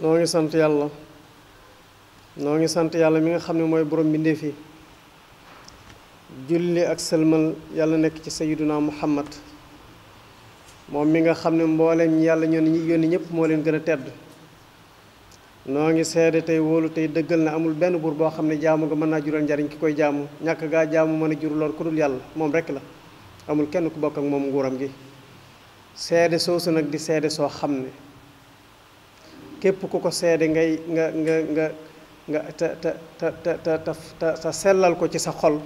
noo ngi sant yàlla noo ngi sant yàlla mi nga xam ne mooy borom mbindéef yi julli ak sëlmal yàlla nekk ci sayiduna muhammad moom mi nga xam ne mbooleen yàlla ñoo ñi yónni ñëpp moo leen gën a tedd noo ngi seede tey woolu tey dëggal na amul benn buur boo xam ne jaamu nga mën naa jural njariñ ki koy jaamu ñàkk gaa jaamu mën a juraloon ku dul yàlla moom rekk la amul kenn ku bokk ak moom nguuram gi seede soosu nag di seede soo xam ne képp ku ko seede ngay nga nga nga nga ta ta ta ta ta ta ta sellal ko ci sa xol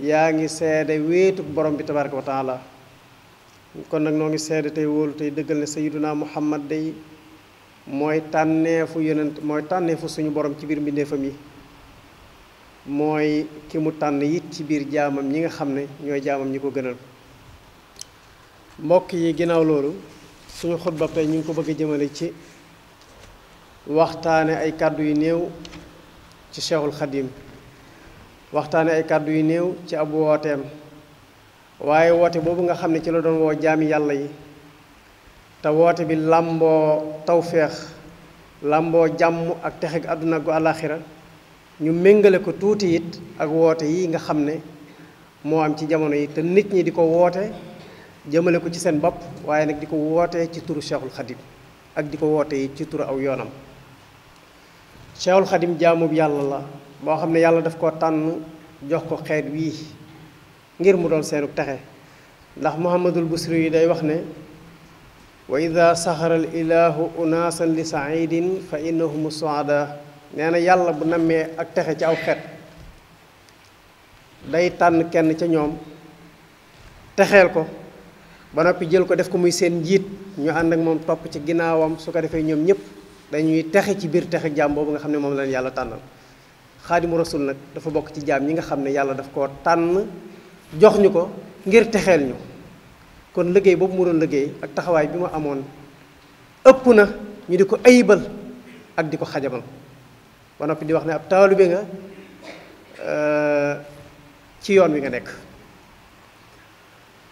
yaa ngi seede wéetu borom bi tabaraka wa taala kon nag noo ngi seede tey wóolu tey dëggal ne sayiduna muhammad day mooy tànneefu yonent mooy tànneefu suñu borom ci biir mbindeefam yi mooy ki mu tànn it ci biir jaamam ñi nga xam ne ñooy jaamam ñi ko gënal mbokk yi ginnaaw loolu suñu xutba pe ñu ngi ko bëgg jëmale ci waxtaane ay kàddu yu néew ci Cheikhul Xadim waxtaane ay kàddu yu néew ci ab wooteem waaye woote boobu nga xam ne ci la doon woo jaami yàlla yi te woote bi làmboo tawféex làmboo jàmm ak texeg àdduna gu àllaaxira ñu méngale ko tuuti it ak woote yi nga xam ne moo am ci jamono yi te nit ñi di ko woote jëmale ko ci seen bopp waaye nag di ko woote ci turu Cheikhul Xadim ak di ko woote yi ci turu aw yoonam cheikhul khadim Xadim bi yàlla la boo xamne yàlla daf ko tan jox ko xet wi ngir mu doon seenu taxé ndax Muhammadul Busri day wax ne wa idha sahara al ilaahu unasan li saidin fa innahu musa'ada nee yàlla bu namé ak taxé ci aw xet day tan kenn ci ñoom taxel ko ba nopi jël ko def ko muy seen njiit ñu ànd ak moom topp ci ginnaawam su ko defee ñoom ñëpp dañuy texe ci biir texe jaam boobu nga xam ne moom la leen yàlla tànnal xaadimu rasul nag dafa bokk ci jaam ñi nga xam ne yàlla daf koo tànn jox ñu ko ngir texeel ñu kon liggéey boobu mu doon liggéey ak taxawaay bi mu amoon ëpp na ñu di ko ayibal ak di ko xajamal ba noppi di wax ne ab taalibe nga euh, ci yoon wi nga nekk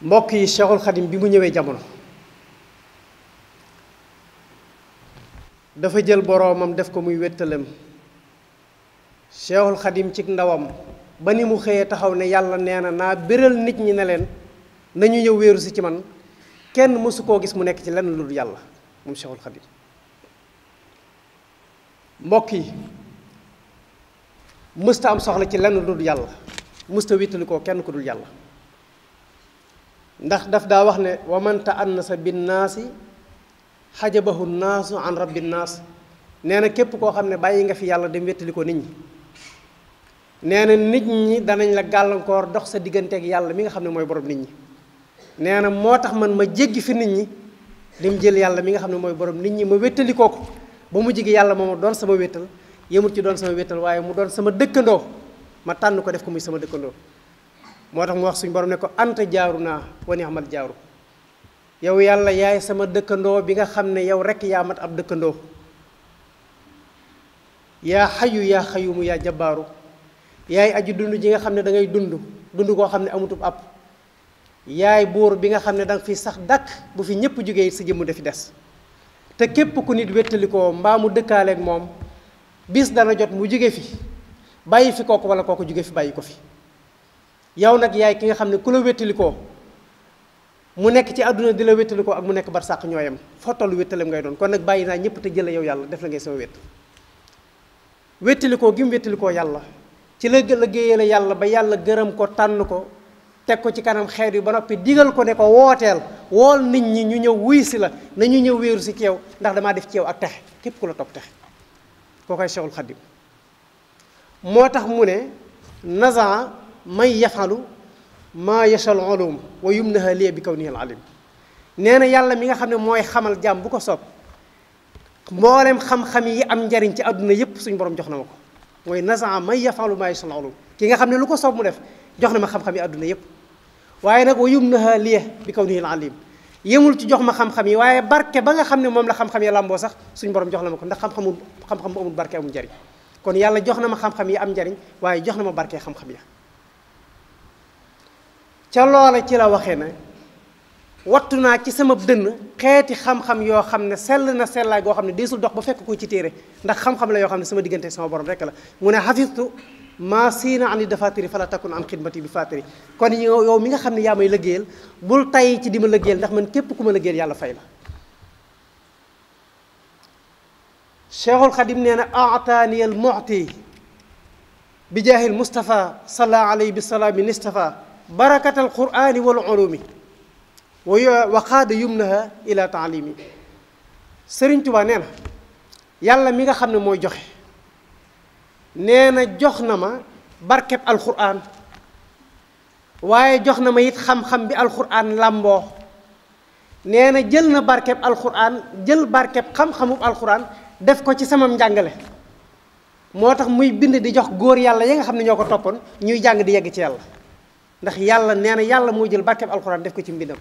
mbokk yi Cheikhul Xadim bi mu ñëwee jamono dafa jël boroomam def ko muy wéttalam Seexul Xadim ci ndawam ba ni mu xëyee taxaw ne yàlla nee na naa béral nit ñi ne leen nañu ñëw wéeru ci man kenn mësu koo gis mu nekk ci lenn lu dul yàlla moom Seexul mbokk yi mësta soxla ci lenn lu yàlla mësta wittali koo kenn ku dul yàlla ndax daf daa wax ne wa man ta'annasa binnaasi hajabahu nasu an rabbin nas neena kep ko xamne xam ne nga fi yalla dem wettali ko nit ñi nee nit ñi danañ la galankor dox sa ak yalla mi nga xamne moy borom nit ñi neena motax man ma jéggi fi nit ñi dem jël yalla mi nga xamne moy borom nit ñi ma wettali ko ba mu jigi yalla mooma doon sama wetal yëmut ci doon sama wetal waye mu doon sama dëkkandoo ma tan ko def ko muy sama motax mu wax suñu borom ne ko anta wa ni'mal yow yàlla yaay sama dëkkandoo bi nga xam ne yow rekk yaa mat ab dëkkandoo yaa xayu yaa xayumu yaa jabaaru yaay aju dund ji nga xam ne dangay dund dund koo xam ne amutub àpp yaay buur bi nga xam ne danga fi sax dàkk bu fi ñépp jógee sa jëmm dafi des te képp ku nit wettalikoo mbaa mu dëkkaaleeg moom bis dana jot mu jóge fi bàyyi fi kooku wala kooku jóge fi bàyyi ko fi yow nag yaay ki nga xam ne ku la wettalikoo mu nekk ci àdduna dina la ko ak mu nekk bar sàq ñooyam fottalu wéttalam ngay doon kon nag bàyyi naa ñëpp te jële yow yàlla def la ngay sama wét wéttali koo gi koo yàlla ci la liggéeyee la yàlla ba yàlla gërëm ko tànn ko teg ko ci kanam xeet yi ba noppi digal ko ne ko wooteel wool nit ñi ñu ñëw wuy si la na nañu ñëw wéeru si ci ndax damaa def ci ak texe képp ku la topp texe koo koy Cheikhul Xadim moo tax mu ne nazan may yafalu ما يشاء العلوم ويمنها لي بكونه العليم نانا يالا ميغا خامني موي خمال جام بوكو سوب مولم خم خمي ام جارين تي ادنا ييب سوني بروم جوخنا مكو موي نزع ما يفعل ما يشاء العلوم كيغا خامني لوكو سوب مو ديف جوخنا ما خم خمي ادنا ييب وايي نك ويمنها لي بكونه العليم يمول تي جوخ ما خم خمي وايي بركه باغا خامني موم لا خم خمي لامبو صاح سوني بروم جوخنا مكو ندا خم خمو خم خم بو امول بركه امول كون يالا جوخنا ما خم خمي ام جارين وايي جوخنا ما بركه خم خمي ca loola ci la waxe ne wattu naa ci sama dënn xeeti xam-xam yoo xam ne sell na sellaay goo xam ne deesul dox ba fekk ko ci téere ndax xam-xam la yoo xam ne sama diggante sama borom rek la mu ne xafistu maa siina ani dafatiri fala takun an xidmati bi fatiri kon yow mi nga xam ne yaa may lëggéeyal bul tay ci di ma lëggéeyal ndax man képp ku ma lëggéeyal yàlla fay la cheikhul xadim nee na aataani al muti bi jahil mustafa sala alayhi bi salaami barakatal quraani wal ulumi mi waxaada yumnaha ila taalimi sëriñ Tuubaa nee na yàlla mi nga xam ne mooy joxe nee jox na ma barkeb alquran waaye jox na ma it xam-xam bi alquran làmboo nee na jël na barkeb alquran jël barkeb xam-xamub alquran def ko ci sama njàngale moo tax muy bind di jox góor yàlla yi nga xam ne ñoo ko toppoon ñuy jàng di yegg ci yàlla ndax yàlla nee na yàlla moo jël barkeb alquran def ko ci mbindam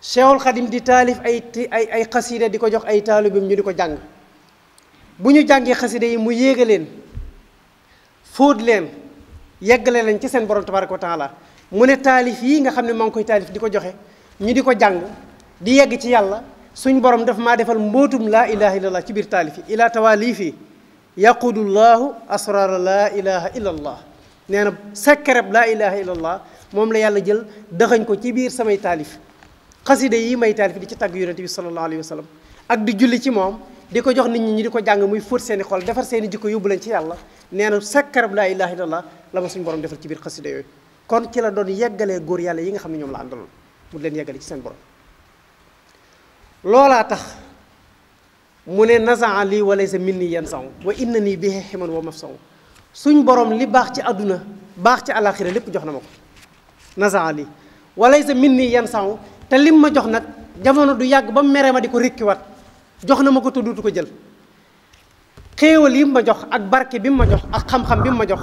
cheikhul xadim di taalif ay ay ay xasida di ko jox ay taalibam ñu di ko jàng bu ñu jàngee xasida yi mu yéega leen fóot leen yeggale leen ci seen borom tabaraka wa taala mu ne taalif yi nga xam ne maa ngi koy taalif di ko joxe ñu di ko jàng di yegg ci yàlla suñ borom daf maa defal mbootum laa ilaha illallah ci biir taalif yi ila tawalifi yaqudu llahu asrara laa ilaha illallah nee na sekkereb laa ilaha illallah moom la yàlla jël daxañ ko ci biir samay taalif xaside yi may taalif di ci tàgg yonente bi sallallahu alayhi wa sallam ak di julli ci moom di ko jox nit ñi ñi di ko jàng muy fóot seeni xol defar seeni jikko yóbbu leen ci yàlla nee na sekkereb laa ilaha illallah la ma suñu borom defal ci biir xaside yooyu kon ci la doon yeggalee góor yàlla yi nga xam ne ñoom la àndaloon mu leen yeggale ci seen borom loolaa tax mu ne nasaa lii walaysa minni yansaw wa inna nii bihi ximan wa mafsaw suñ borom li bax ci aduna bax ci alakhirah lépp jox namako ma ko walaysa minni yansaw te lim ma jox nak jamono du yag ba mere ma diko rikki wat jox namako ma ko jël xewal yim ma jox ak barke bim ma jox ak xam-xam bim ma jox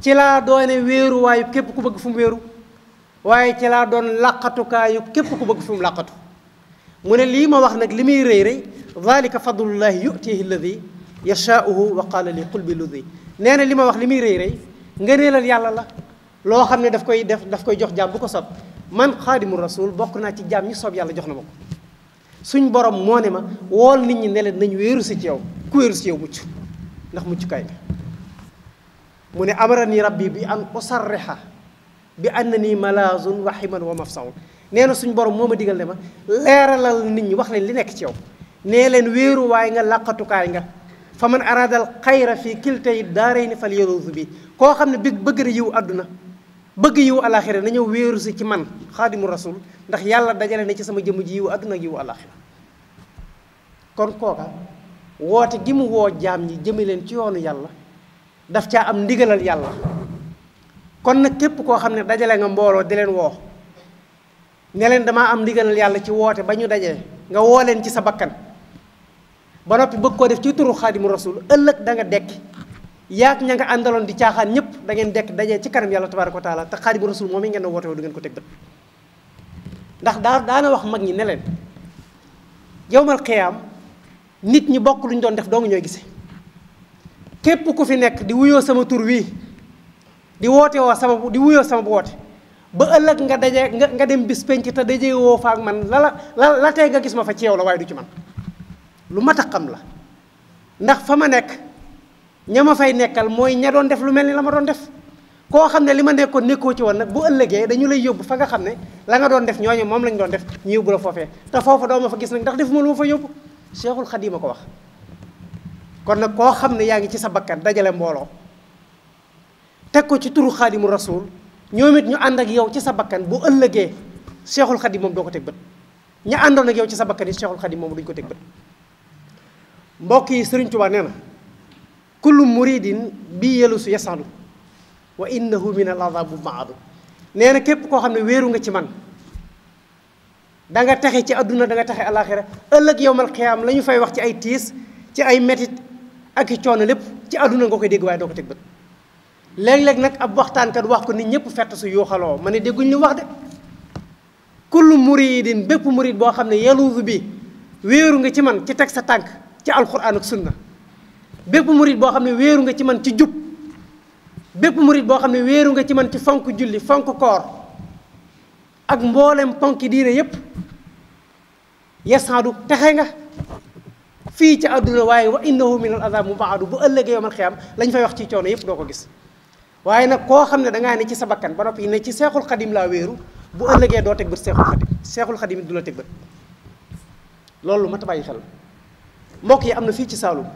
ci la doone wëru wéeruwaayu kep ku bëgg fu wëru waye ci la doon laqatu làqatukaayu kep ku bëgg fu làqatu mune li ma wax nak limi reey reey zalika fadlullahi yutihi alladhi yasha'uhu wa qala li qulbi ludhi neena li ma wax li muy rëy rëy ngëneelal yàlla la loo xam ne daf koy def daf koy jox jaam bu ko sob man xaadimu rasul bokk naa ci jaam ñi soob yàlla jox na ma ko suñ borom moo ne ma wool nit ñi ne leen nañ wéeru si ci yow ku wéeru si yow mucc ndax muccukaay nga mu ne amara rab yi bi an usarriha bi an na nii malazun wa himan wa mafsaun nee na suñ borom moo ma digal ne ma leeralal nit ñi wax leen li nekk ci yow nee leen wéeruwaay nga làqatukaay nga fa man araadal xayra fii kiltay daarayni fal yarus bi koo xam ne bi bëgg na yiw àdduna bëgg yiw alaxira na ñëw wéeru si ci man xaadimu rasul ndax yàlla dajale na ci sama jëmm ji yiw àdduna ak kon kooka woote gi mu woo jaam ñi jëme leen ci yoonu yàlla daf caa am ndigalal yàlla kon nag képp koo xam ne dajale nga mbooloo di leen woo ne leen damaa am ndigalal yàlla ci woote ba ñu dajee nga woo leen ci sa bakkan ba noppi bëgg ko def ci turu xaadimu rasul ëlëk da nga dekk yaak ña nga andalon di caaxaan ñëpp da ngeen dekk dajé ci karam yalla tabaraka taala ta xaadimu rasul momi ngeen wote du ngeen ko teg ndax da da na wax mag ñi ne leen yowmal qiyam nit ñi bokku luñ doon def do nga ñoy gisé képp ku fi nekk di wuyoo sama tur wii di wote wo sama di wuyoo sama wote ba ëllëg nga dajé nga dem bis penc te daje woo faak man la la la tay nga gis ma fa ci yow la way du ci man lu mata xam la ndax fama nek ñama fay nekkal moy ña doon def lu melni lama doon def ko xamne ne li ma ci won nak bu ëllëgee dañu lay yobbu fa nga xamne la nga doon def ñoñu mom lañ doon def ñi yobbu la fofé ta fofu do ma fa gis nak ndax mo lu fa yobbu cheikhul ko wax kon nak ko xamne ne ci sa bakkan dajale mbolo tekko ci turu khadimur rasul ñoomit ñu and ak yow ci sa bakkan bu ëllëgee cheikhul khadim mom do ko tek bët ña andon ak yow ci sa bakkan cheikhul khadim mom duñ ko tek bët mbokk yi sëriñ Tuubaa nee na kullu muridin bi yelusu yasadu wa innahu min al adabu maadu nee na képp koo xam ne wéeru nga ci man danga taxe ci àdduna da nga taxe alaxira ëllëg yowmal xiyaam la ñu fay wax ci ay tiis ci ay metit ak i coono lépp ci àdduna ngoo koy dégg waaye doo ko teg bët léeg-léeg nag ab waxtaankat wax ko nit ñëpp fett su yuuxaloo ma ne dégguñ li wax de kullu muridin bépp murid boo xam ne yeluusu bi wéeru nga ci man ci teg sa tànk ci alquran ak sunna bépp murit boo xam ne wéeru nga ci man ci jub bépp murit boo xam ne wéeru nga ci man ci fonk julli fonk koor ak mboolem ponk ponki diine yépp yasaadu texe nga fii ci àdduna waaye wa innahu min al azab mubaadu bu ëllëgee yawmal xiyaam lañ fay wax ci coono yépp doo ko gis waaye nag koo xam ne dangaa ne ci sa bakkan ba noppi ne ci seexul xadim laa wéeru bu ëllëgee doo teg bët seexul xadim seexul xadim du la teg bët loolu lu mat bàyyi xel mbokk yi am na fii ci Saalum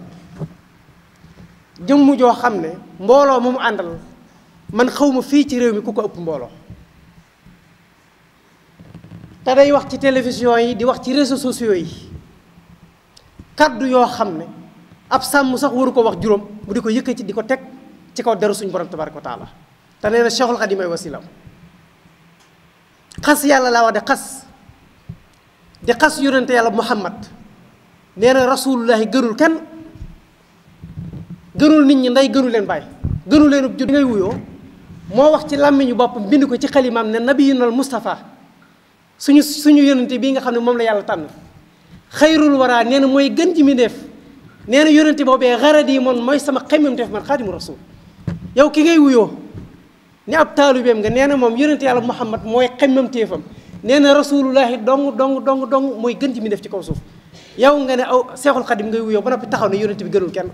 jëmm joo xam ne mbooloo mu mu àndal man xawuma fii ci réew mi ku ko ëpp mbooloo te day wax ci télévision yi di wax ci réseaux sociaux yi kaddu yoo xam ne ab sàmm sax waru ko wax juróom bu di ko yëkkati di ko teg ci kaw deru suñu borom tabaraka wa taala te nee na Cheikhul Khadim ay xas yàlla laa wax de xas di xas yónnante yàlla Muhammad nee na rasulullahi gënul kenn gënul nit ñi ndey gënu leen bàyyi gënu leen ub jur ngay wuyoo moo wax ci làmmiñu boppam bind ko ci xalimaam ne nabiyunal Mustafa suñu suñu yonente bii nga xam ne moom la yàlla tànn xayrul waraa nee na mooy gën ji mi def nee na yonente boobee xaradi yi moom mooy sama xaymam def man xaadimu rasul yow ki ngay wuyoo ni ab taalubeem nga nee na moom yonente yàlla muhammad mooy xaymam téefam nee na rasulullahi dong dong dong dong mooy gën mi def ci kaw suuf yow nga ne aw oh, seexul xadim ngay wuyoo ba noppi taxaw ne yonent bi gënul kenn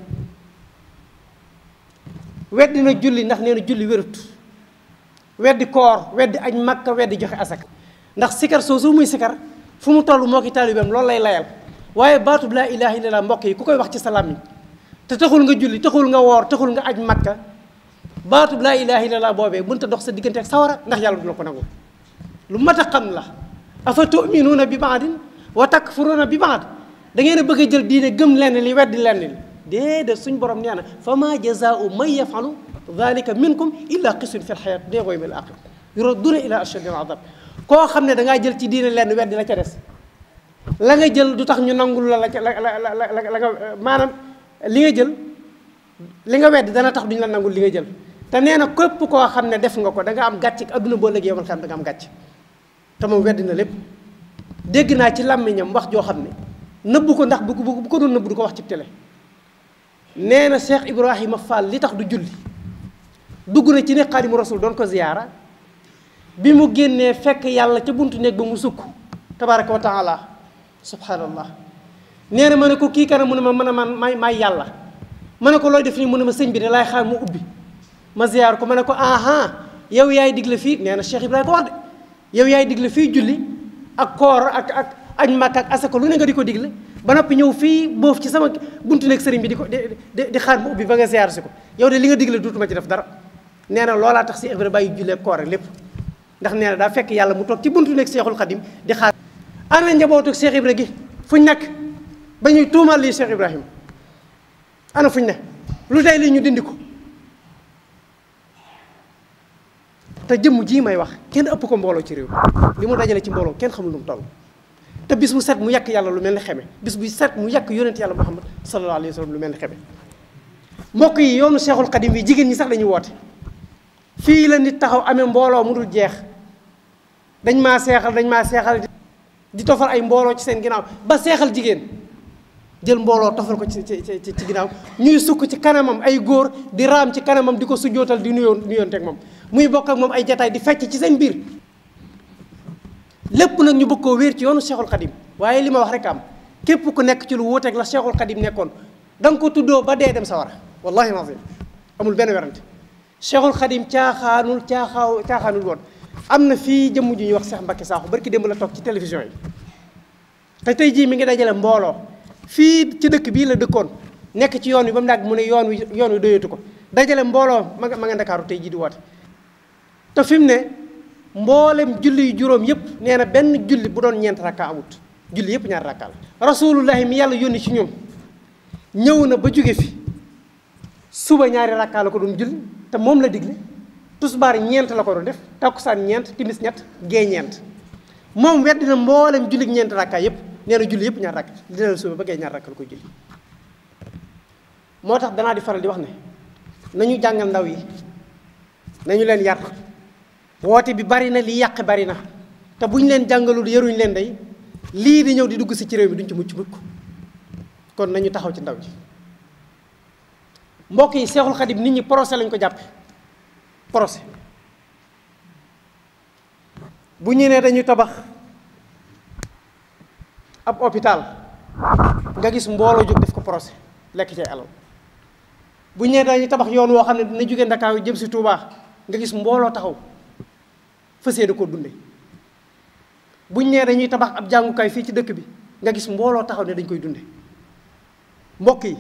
weddi na julli ndax nee na julli wérut weddi koor weddi aj makka weddi joxe asaka ndax sikar soosu muy sikar fu mu toll moo ki taalibeem loolu lay layal waaye baatub laa ilaaha illallaah mbokk yi ku koy wax ci sa làmmiñ te taxul nga julli taxul nga woor taxul nga aj makka baatub laa la illallaah boobee mënut dox sa diggante ak sawara ndax yàlla bu la ko nangu lu mat a la afa tuminuuna bi baadin wa takfuruuna da ngeen a bëgg a jël diine gëm lenn li weddi lenn li déedéet suñ borom nee na fa maa jazaau man yafalu dalika minkum illa qisun fi lxayaat déegooy bil aqib yuraduna ila ashaddi al adab koo xam ne da ngaa jël ci diine lenn weddi la ca des la nga jël du tax ñu nangul la la ca la la la la nga maanaam li nga jël li nga weddi dana tax duñ la nangul li nga jël te nee na képp koo xam ne def nga ko da nga am gàcc adduna boo léegi yomal xam da nga am gàcc te moom weddi na lépp dégg naa ci làmmiñam wax joo xam ne nëbbu ko ndax bu bu ko doon nëbbu du ko wax ci télé nee na Cheikh Ibrahima Fall li tax du julli dugg na ci ne Xaadimu Rasuul doon ko ziyaara bi mu génnee fekk yàlla ca buntu néeg ba mu sukk tabaaraka wa taala subhaanallah nee na ma ne ko kii kana mu ne ma mën a man may may yàlla ma ne ko looy def nii mu ne ma sëñ bi da laay xaar mu ubbi ma ziyaar ko ma ne ko aha yow yaay digle fii nee na Cheikh Ibrahima ko wax de yow yaay digle fii julli ak koor ak ak añ màkk ak ko lu ne nga di ko digle ba noppi ñëw fii boof ci sama buntu nekk sëriñ bi di ko di di xaar mu ubbi ba nga siyaar si ko yow de li nga digle duutuma ci def dara nee na loolaa tax si Ibra bàyyi jullee koor ak lépp ndax nee daa fekk yàlla mu toog ci buntu nekk Seexul Xadim di xaar ana njabootu Cheikh Ibra gi fuñ nekk ba ñuy lii Cheikh Ibrahima ana ne lu tey lii ñu dindi ko te jëmm jii may wax kenn ëpp ko mbooloo ci réew li mu dajale ci mbooloo kenn xamul lu mu toll te bis bu set mu yak yàlla lu melni xeme bis bu set mu yak yonent yàlla muhammad sallallahu alayhi wasallam lu melni xeme mbokk yi yoonu cheikhul qadim yi jigen ñi sax dañuy wote fi la nit taxaw amé mbolo mu dul jeex dañ ma seexal dañ ma seexal di tofal ay mbolo ci seen ginaaw ba seexal jigen jël mbolo tofal ko ci ci ci ci ñuy sukk ci kanamam ay góor di raam ci kanamam di ko sujjootal di nuyoon nuyoonteeg moom muy bokk ak mom ay jotaay di fecc ci seen bir lépp nak ñu bëgg ko wër ci yoonu Cheikhul qadim waye lima wax rek am képp ku nekk ci lu ak la Cheikhul qadim nekkon dang ko tuddo ba dé dem sawara wallahi ma amul ben werante Cheikhul Khadim caaxaanul caaxaaw caaxaanul woon am na fii jëmm ju ñu wax Cheikh Mbacké saxu barki dem la tok ci télévision yi tay tay ji mi ngi dajale mbolo fi ci dëkk bi la dëkkon nekk ci yoon wi bam mu nag mu ne yoon wi yoon wi doyatu ko dajale mbooloo ma nga ma nga Ndakaaru tey jii di woote te fi mu ne mboolem julli jurom yep neena ben julli bu don ñent rakka amut julli yep ñaar rakka la rasulullahi mi yalla yoni ci ñun ñewna ba fi suba ñaari rakka la ko dum julli te mom la digle tusbar ñent la ko do def takusan ñent timis ñet ge ñent mom wedd na mboolem julli ñent rakka yep neena julli yep ñaar rakka dina suba ba ge ñaar rakka la koy julli motax dana di faral di wax ne nañu jangal ndaw yi nañu len yar wote bi bari na li yàq bari na te buñ leen jangalul yeruñ leen day lii di ñew di dugg ci rew bi duñ ci mucc mukk kon nañu taxaw ci ndaw ji mbokk yi cheikhul khadim nit ñi procès lañ ko jàppe procès bu ñu ne dañu tabax ab hôpital nga gis mbolo jóg def ko procès lek ci alal bu ñu nee dañuy tabax yoon wo xamne ne dina jóge ndakaaru jëm si Touba nga gis mbolo taxaw fassé yéene koo dunde buñ né dañuy tabax ab kay fi ci dëkk bi nga gis mbolo taxaw né dañ koy dunde mbokk yi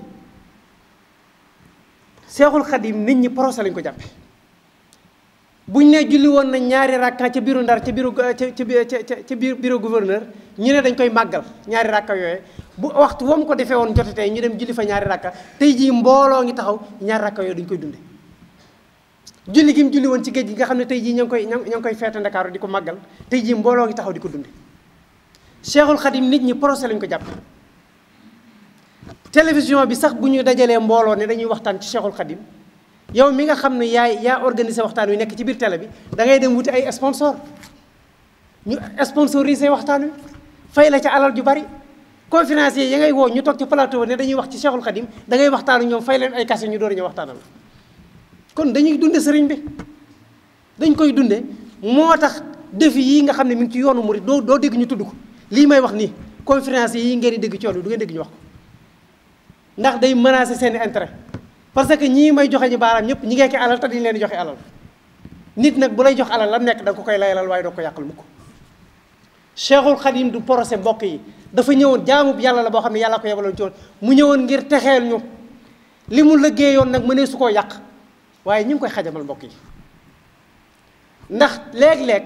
cheikhul khadim nit ñi procès lañ ko jappé buñ né julli won na ñaari rakka ci biiru ndar ci biiru ci ci biir biiru gouverneur ñi né dañ koy maggal ñaari rakka yooyu bu waxtu wam ko defee won jotté ñu dem julli fa ñaari rakka tay ji mbolo ngi taxaw ñaari rakka yoy dañ koy dunde julli gi mu julli won ci geej gi nga xamne tay ji ñang koy ñang koy fété ndakaaru diko magal tay ji mbolo gi taxaw diko dund cheikhul khadim nit ñi procès lañ ko japp télévision bi sax bu ñu dajalé mbolo ne dañuy waxtaan ci cheikhul khadim yow mi nga xamne ya ya organiser waxtaan nekk ci biir télé bi da ngay dem wuti ay sponsor ñu sponsorisé waxtaan yu fay la ci alal ju bari conférencier ya ngay wo ñu tok ci plateau ne dañuy wax ci cheikhul khadim da ngay ñom fay leen ay kasse ñu door ñu waxtaanal kon dañuy dunde sëriñ bi dañ koy dunde moo tax défi yi nga xam ne mu ngi ci yoonu murid doo doo dégg ñu tudd ko lii may wax nii conférence yi ngeen dégg ci yoon bi du ngeen dégg ñu wax ko ndax day menacer seen intérêt parce que ñii may joxe ñu baaraam ñëpp ñi ngeeki alal te dañ leen di joxe alal nit nag bu lay jox alal la nekk da ko koy layalal waaye doo ko yàqal ko Cheikhul Khadim du procès mbokk yi dafa ñëwoon bi yàlla la boo xam ne yàlla ko yebaloon ci mu ñëwoon ngir texeel ñu li mu liggéeyoon nag mënee su koo yàq waaye ñu ngi koy xajamal mbokk yi ndax léeg leeg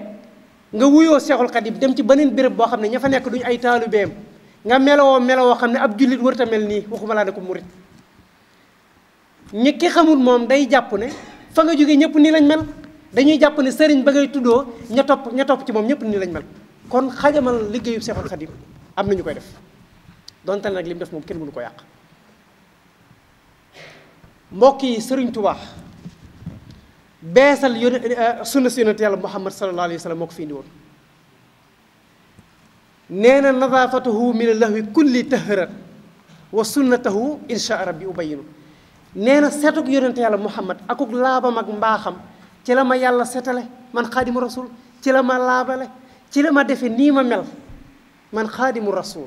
nga wuyoo seexul xadim dem ci beneen béréb boo xam ne ña fa nekk duñu ay taalubeem nga melowoo melowoo xam ne ab jullit wërta mel nii waxuma laa ne ko mu ñi ki xamul moom day jàpp ne fa nga jógee ñëpp nii lañ mel dañuy jàpp ne sëriñ ba ngay tuddoo ña topp ña topp ci moom ñëpp nii lañ mel kon xajamal liggéeyu seexul xadim am na ñu koy def donte nag li def moom kenn mënu ko yàq mbokk yi sëriñ Tuubaa beesal yóne sunna si yonent yàlla muhammad sallallahu alayhi wa sallam moo ko fi indi woon nee na nadaafatuhu min lahwi kulli tahrat wa sunnatahu insha rabbi ubayinu nee na setuk yonent yàlla muhammad akuk laabam ak mbaaxam ci la ma yàlla setale man xaadimu rasul ci la ma laabale ci la ma defe nii ma mel man xaadimu rasul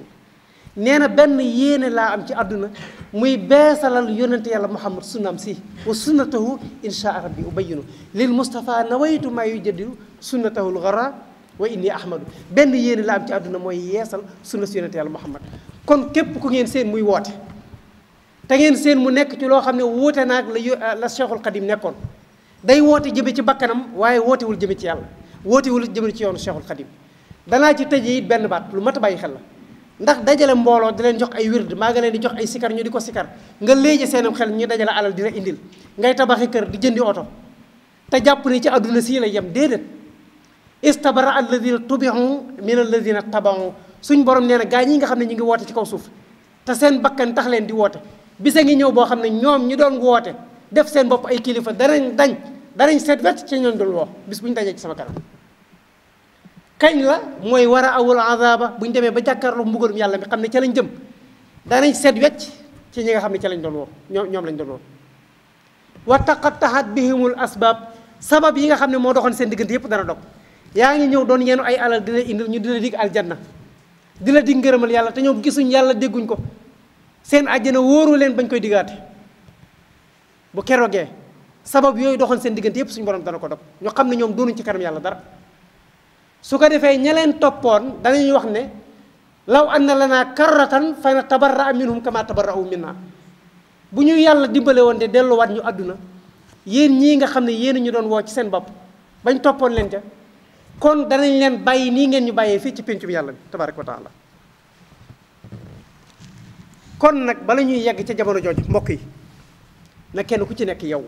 nee na benn yéene laa am ci àdduna muy beesalal yonente yàlla muhammad sunnaam si wa sunnatahu inshaa rabbi ubayinu lil mustapha nawaytu maa yujaddidu sunnatahu lgara wa inni ahmadu benn yéene laa am ci àdduna mooy yeesal sunna si yonente yàlla muhammad kon képp ku ngeen seen muy woote te ngeen seen mu nekk ci loo xam ne wuute naag la la cheikhul xadim nekkoon day woote jëme ci bakkanam waaye wootewul jëme ci yàlla wootewul jëme ci yoonu cheikhul xadim danaa ci tëje it benn baat lu mat a bàyyi xel la ndax dajale mbooloo di leen jox ay wird maa nga leen di jox ay sikar ñu di ko sikar nga léegi seenam xel ñu dajale alal di la indil ngay tabaxi kër di jëndi oto te jàpp ne ci àdduna sii la yem déedéet istabara alladina tubiu min alladina tabau suñ borom nee na gaa ñi nga xam ne ñu ngi woote ci kaw suuf te seen bakkan tax leen di woote bisa ngi ñëw boo xam ne ñoom ñi doon woote def seen bopp ay kilifa danañ dañ danañ seet wet ci ñoon dul woo bis dajee ci sama kanam kagn la moy wara awul azaba buñ démé ba jàkkaarloo mbugulum yalla mi xamné ne lañ jëm danañ sét wécc ci ñi nga xamné ne lañ doon wo ñom lañ doon woo wa taqattahat bihimul asbab sabab yi nga xamné ne doxone doxoon seen diggante yépp dara dog yaa ngi ñëw doon yeenu ay alal dina indi ñu dina dig aljanna di dig ngeeramal yalla te ñoom gisuñ yalla déggun ko seen aljana woru leen bañ koy digaate bu kerogee sabab yoy doxone seen diggante yépp suñu borom dana ko dog ñu xamné ñom doonu ci karam yalla dara su ko defee ña leen toppoon danañuy wax ne law na lanaa karratan fa natabarraa minhum kama tabarra'u naa bu ñu yàlla dimbale woon de delluwaat ñu àdduna yéen ñii nga xam ne yéen ñu doon woo ci seen bopp bañ toppoon leen ca kon danañ leen bàyyi nii ngeen ñu bàyyee fii ci péncu bi yàlla bi tabaaraka wa taala kon nag bala ñuy yegg ca jamono jooju mbokk yi na kenn ku ci nekk yow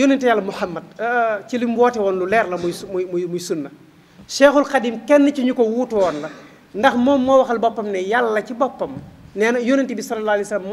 يونت يالا محمد تي لي مواتي وون لو لير لا موي موي موي سنه شيخ القديم كين تي نيكو ووت لا نده موم مو وخال بوبام ني يالا تي بوبام نينا يونت الله عليه وسلم